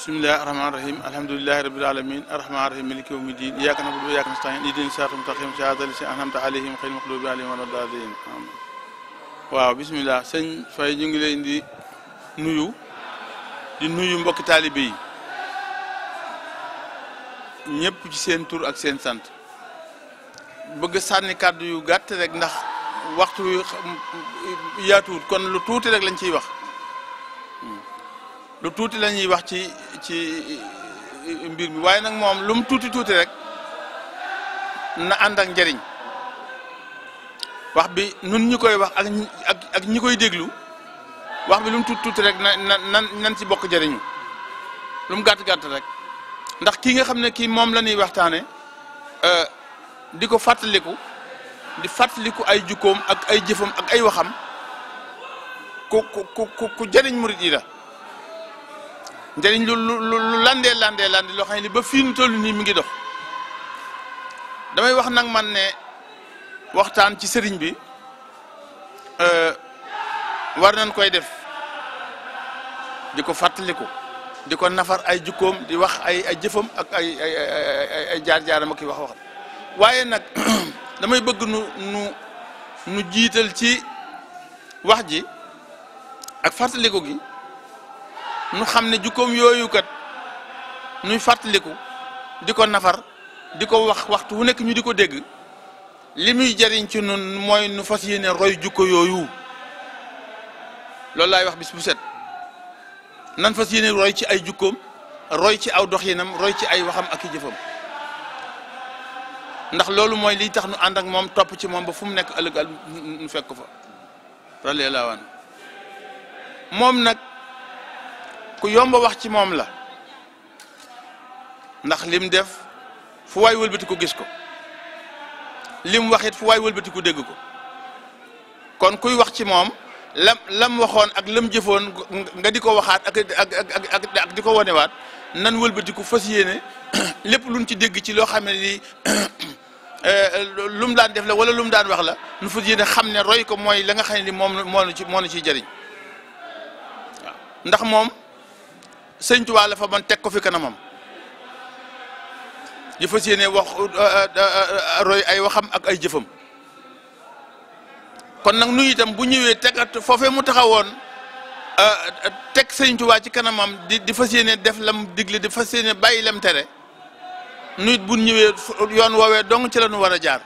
بسم الله الرحمن الرحيم الحمد لله رب العالمين الرحمن الرحيم ملك يوم الدين اياك نعبد واياك نستعين اهدنا الصراط المستقيم صراط الذين انعمت عليهم غير المغضوب عليهم ولا الضالين واو بسم الله سيغ فاي نيغي لي اندي نويو دي نويو مبوك طالبي نييب سي سين تور اك سين سانت بوغ ساني كاد يو غات ريك ناخ وقت ياتور كون لو توتي ريك لا نسي واخ لو توتي لا نيي واخ سي ci mbir mi waaye nag moom lu tuuti tuuti rek na ànd ak njëriñ wax bi nun ñi koy wax ak ñi koy déglu wax bi lu mu tuuti tuuti rek na na nan ci bokk jëriñu lu mu gàtt gàtt rek ndax kii nga xam ne kii moom la ñuy waxtaane euh, di ko fàttaliku di fàttaliku ay jukkoom ak ay jëfam ak ay waxam ku ku ku ku jëriñ murit yi la njëriñ lu lu lu landee landee landee loo xam li ba fii nu toll nii mi ngi dox damay wax nag man ne waxtaan ci sëriñ bi euh, war nan koy def di ko fàttaliku di ko nafar ay jukkoom di wax ay ay ak ay ay jaar-jaaram ak i wax wax waaye nag damay bëgg nu nu nu jiital ci wax ji ak fàttaliku gi. nu xam ne jukkoom yooyu kat nuy fàttaliku di ko nafar di ko wax waxtu wu nekk ñu di ko dégg li muy jariñ ci nun mooy nu fas yéene roy jukko yooyu loolu lay wax bis bu set nan fas yéene roy ci ay jukkoom roy ci aw doxinam roy ci ay waxam ak i jëfam ndax loolu mooy liy tax nu ànd ak moom topp ci moom ba fu mu nekk ëllëg nu fekk fa radiyallaahu moom nag ku yomb wax ci moom la ndax lim def fu waay wëlbatiku gis ko lim wax it fu waay wëlbatiku dégg ko kon kuy wax ci moom lam lam waxoon ak lam jëfoon nga di ko waxaat ak ak ak ak di ko wonewaat nan wëlbatiku fas yéene lépp luñ ci dégg ci loo xam ne ni euh, lum daan def la wala lum daan wax la nu fas yéene xam ne roy ko mooy la nga xam ne ni moom moo nu ci moo nu ciy jëriñ ndax moom. sëñ Tuubaa la fa man teg ko fi kanamam di fas yéene wax uh, uh, uh, roy ay waxam ak ay jëfam kon nag nu itam bu ñëwee tegat foofee mu taxawoon teg sëñ Tuubaa ci kanamam di di fas yéene def lam digle di fas yéene bàyyi lam tere nu it bu ñëwee yoon woowee dong ci la ñu war a jaar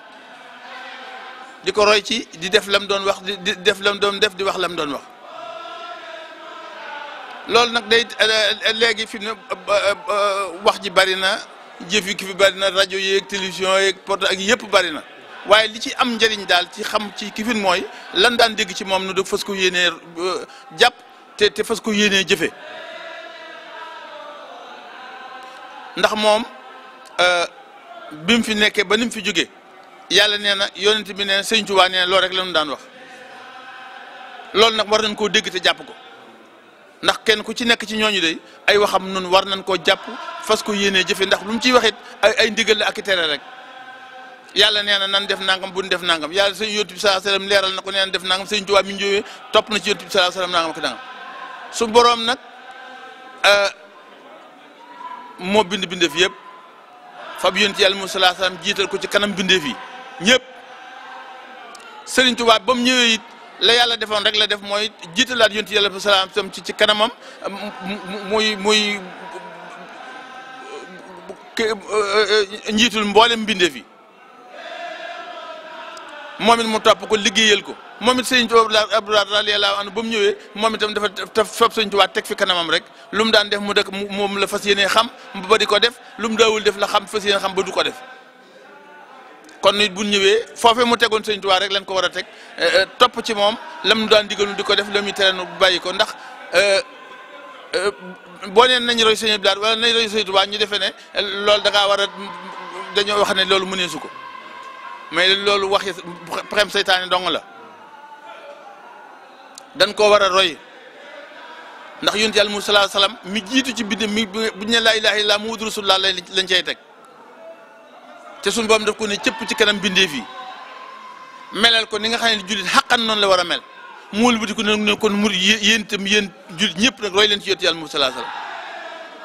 di ko roy ci di def lam doon wax di def lam doon def di wax lam doon wax loolu nag day euh, léegi fi mu euh, euh, wax ji bari na jëf yi ki fi bari na rajo yeeg télévision yeeg porte ak yëpp bari na waaye li ci am njëriñ daal ci xam ci kifin mooy lan daan dégg ci moom nu def fas ko yéene jàpp jëfe ndax moom bi mu fi nekkee ba ni mu fi jóge yàlla nee na yonent bi nee na sëñ Tuubaa nee na loolu rek la daan wax loolu nag war nañ koo dégg te jàpp ko ndax kenn ku ci nekk ci ñooñu de ay waxam nun war nañ koo jàpp fas ko yéenee jëfe ndax lu mu ciy waxit ay ay ndigal la ak i tere rek yàlla nee na nan def nangam buñ def nangam yàlla sëñ yóttu bi salaa salaam leeral na ko nee na def nangam sëñ Tuubaa mi topp na ci yóttu bi salaa salaam nangam ak nangam boroom nag euh, moo bind bindeef yëpp fab yónent yàlla mu salaa jiital ko ci kanam bindeef yi ñëpp sëriñ Tuubaa ba mu ñëwee la yàlla defoon rek la def mooy jiitalaat yonti yàlla salaam sam ci ci kanamam muy muy euh, euh, njiitul mboole mbindeef yi moom it mu topp ko liggéeyal ko moom it sëñ Tuubaa Abdoulaye radiyallaahu anhu ba mu ñëwee moom itam dafa taf fab sëñ Tuubaa teg fi kanamam rek lu mu daan def mu dëkk moom la fas yéenee xam ba di ko def lu mu daawul def la xam fas yéenee xam ba du ko def kon nit bu ñëwee foofee mu tegoon sëñ Tuubaa rek lañ ko war a teg eh, eh, topp ci moom lam nu daan digal di ko def lam ñu tere nu bàyyi ko ndax eh, boo neen nañ roy sëñ Abdoulaye nañ roy sëñ Tuubaa ñu defee ne loolu da war a dañoo wax ne loolu mëneesu ko mais loolu wax waxi pexem seytaane dong la dañ koo war a roy ndax yonent Yàlla Muhammad sallallahu alayhi mu mi jiitu ci bind mi bu ñu ne laa ilaaha illallaah Muhammadu rasuulullaah lañ cay teg. te suñu boom daf koo ne cëpp ci kanam bindeef yi melal ko ni nga xam ne jullit xaqan noonu la war a mel muul bi di ko ne kon mur yéen itam jullit ñëpp nag roy leen ci yonent yàlla moom salaa salaam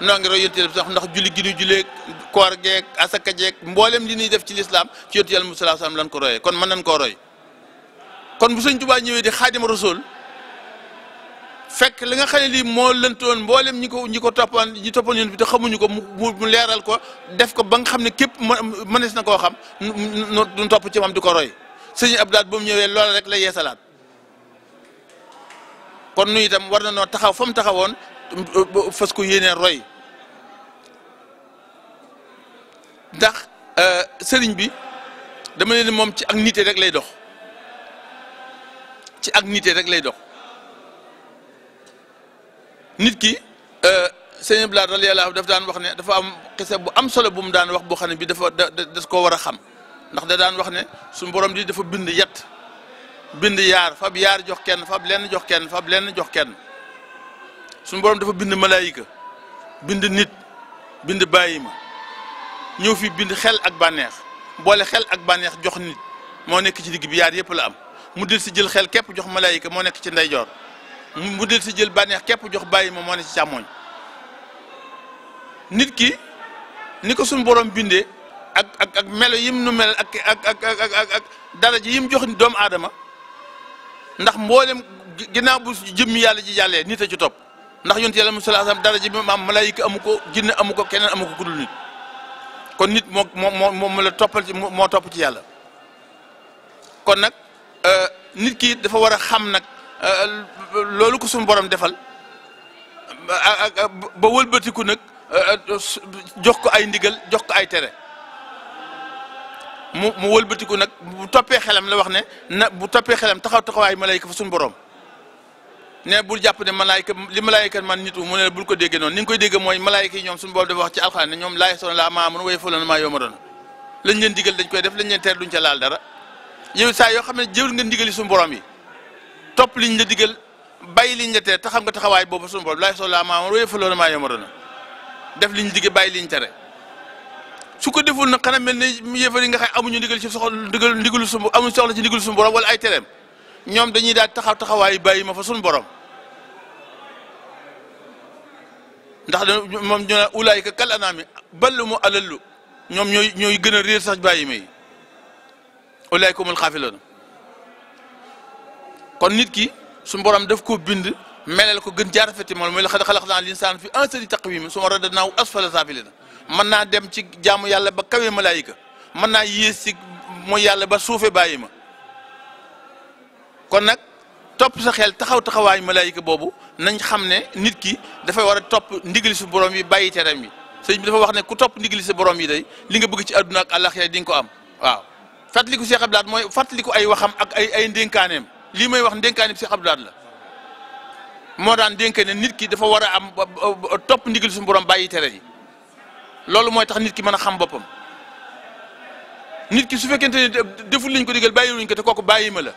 noo ngi roy yonent yàlla sax ndax julli gi ñuy julleeg koor geeg asaka jeeg mboolem li ñuy def ci lislaam ci yonent yàlla moom salaa salaam lan ko royee kon mën nañ koo roy kon bu sëñ Tuubaa ñëwee di xaadima rasul fekk li nga xam ne lii moo lëntoon mboole ñi ko ñi ko toppoon ñi toppoon yoon bi te xamuñu ko mu leeral ko def ko ba nga xam ne képp mënees na koo xam nu topp ci moom di ko roy sëñ ab Lahad bu mu ñëwee loola rek la yeesalaat kon nu itam war na noo taxaw fa mu taxawoon fas ko yéenee roy ndax euh, sëriñ bi dama ne moom ci ak nite rek lay dox ci ak nite rek lay dox nit ki blad rali allah dafa daan wax ne dafa am xisa bu am solo bu mu daan wax bo xane bi dafa des ko wara xam ndax da daan wax ne sun borom di dafa bind yatt bind yar fab yar jox kenn fab len jox kenn fab len jox kenn sun borom dafa bind malaika bind nit bind bayima ñëw fi bind xel ak banex bolé xel ak banex jox nit mo nek ci digg bi yar yëpp la am mu dil si jël xel képp jox malaika mo nek ci jor mu del si jël bànneex képp jox bàyyi ma moo ne ci nit ki ni ko suñu borom bindee ak ak melo yim nu mel ak ak ak dara ji yim jox doomu aadama ndax mboolem ginnaaw bu jëmm yàlla ji jàllee nit a ci topp ndax yonent yàlla mu salaasam dara ji bi maam malaayika amu ko jinne amu ko keneen amu ko ku nit kon nit moo moo moo moo la toppal ci moo topp ci yàlla kon nag euh, nit ki dafa war a xam nag. Euh, loolu ko suñu borom defal ba wëlbatiku nag euh, euh, jox ko ay ndigal jox ko ay tere mu mu wëlbatiku nag bu toppee xelam la wax ne na bu toppee xelam taxaw taxawaay malayka fa suñu borom ne bul jàpp ne malayka li malayka man nit mu ne bul ko déggee noonu ni nga koy dégg mooy malayka ñoom suñu borom dafa wax ci alxuraan ne ñoom laay soon laa maamoon way faloon maa yoo ma doon lañ leen digal dañ koy def lañ leen teer duñ ca laal dara yow saa yoo xam ne jëwul nga ndigali suñu borom topp liñ la digal bàyyi liñ la tere te xam nga taxawaay boobu suñu borom laay soxlaa maama wala yëfaloo na maa yomaroon na def liñ digal bàyyi liñ tere su ko deful nag xanaa mel ne yëfal yi nga xam amuñu ndigal ci soxla ndigal ndigalu suñu amuñu soxla ci ndigalu suñu borom ay tereem ñoom dañuy daal taxaw taxawaay bàyyi ma fa suñu borom ndax moom ñoo naan ulaayka kal anaami ballu mu alallu ñoom ñooy ñooy gën a réer sax bàyyi ma yi ulaayikumul xaafiloon kon nit ki sun borom daf ko bind melal ko gën jaar rafeti mom mooy la xad xalaq naa fi ahsani taqwim suma radadnaahu asfal saafiliina man na dem ci jaamu yàlla ba kawe malaika man na yées ci mooy yàlla ba suufe bayima kon nak top sa xel taxaw taxaway malaika bobu nañ xamné nit ki da fay wara top ndigali su borom yi bàyyi teram yi sëñ bi dafa wax ne ku top ndigali su borom yi day li nga bëgg ci aduna ak àllaaxira di nga ko am waaw fatlikou Cheikh abdallah moy fatlikou ay waxam ak ay ay ndinkanem lii may wax ndénkaane si Cheikh Abdou Lahad la moo daan dénk ne nit ki dafa war a am topp ndigal suñu borom bàyyi tere yi loolu mooy tax nit ki mën a xam boppam nit ki su fekkente ne deful liñ ko digal bàyyi wuñ ko te kooku bàyyi ma la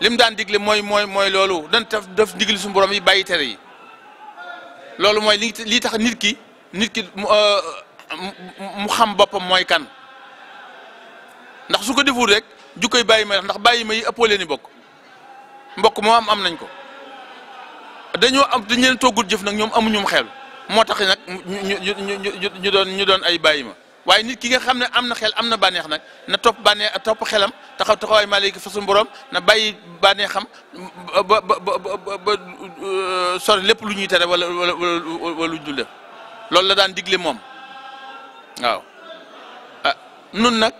lim daan digle mooy mooy mooy loolu dan taf def ndigal yi bàyyi tere yi loolu mooy li lii tax nit ki nit ki euh, mu xam boppam mooy kan ndax su ko deful rek. jukkoy bàyyi ma ndax bàyyi ma yi ëppoo ni bokk mbokk moo am am nañ ko dañoo am dañ leen toggul jëf nag ñoom amuñum xel moo tax nag ñu doon ñu doon ay bàyyi ma waaye nit ki nga xam ne am na xel am na bànneex nag na topp bànneex topp xelam taxaw taxawaay malayka fa suñu borom na bàyyi bànneexam ba ba ba euh, sori lépp lu ñuy tere wala wala wala lu ñu dul def loolu la daan digle moom waaw ah nun nag.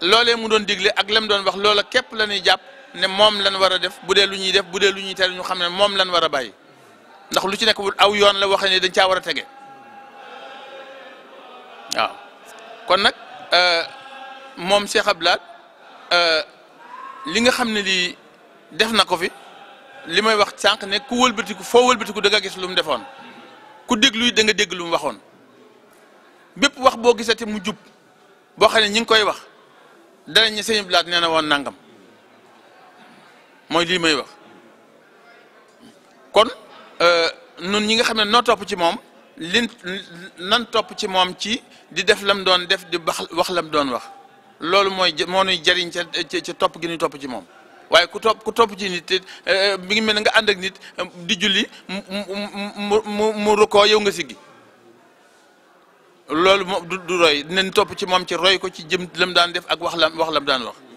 loolee mu doon digle ak lam doon wax loola képp la ñuy jàpp ne moom lan war a def bu dee lu ñuy def bu dee lu ñuy tere ñu xam ne moom lan war a bàyyi ndax lu ci nekk aw yoon la waxee ne dañ caa a tege kon nag euh, moom Cheikh Abdou euh, li nga xam ne lii def na ko fi li may wax sànq ne ku wëlbatiku foo wëlbatiku da nga gis lu defoon ku déglu da nga dégg waxoon bépp wax boo gisate mu jub boo xam ne ñi ngi koy wax danañ ne sëñ Blaat nee na woon nangam mooy lii may wax kon euh, nun ñi nga xam ne noo topp ci moom lin nan topp ci moom ci di def lam doon def di bax wax lam doon wax loolu mooy moo nuy jariñ ca topp gi ñuy topp ci moom waaye ku topp ku topp ci nit euh, mi ngi mel ne nga ànd ak nit euh, di julli mu mu mu mu rukkoo yow nga siggi loolu moom du du roy dinañ topp ci moom ci roy ko ci jëm lam daan def ak wax lam wax lam daan wax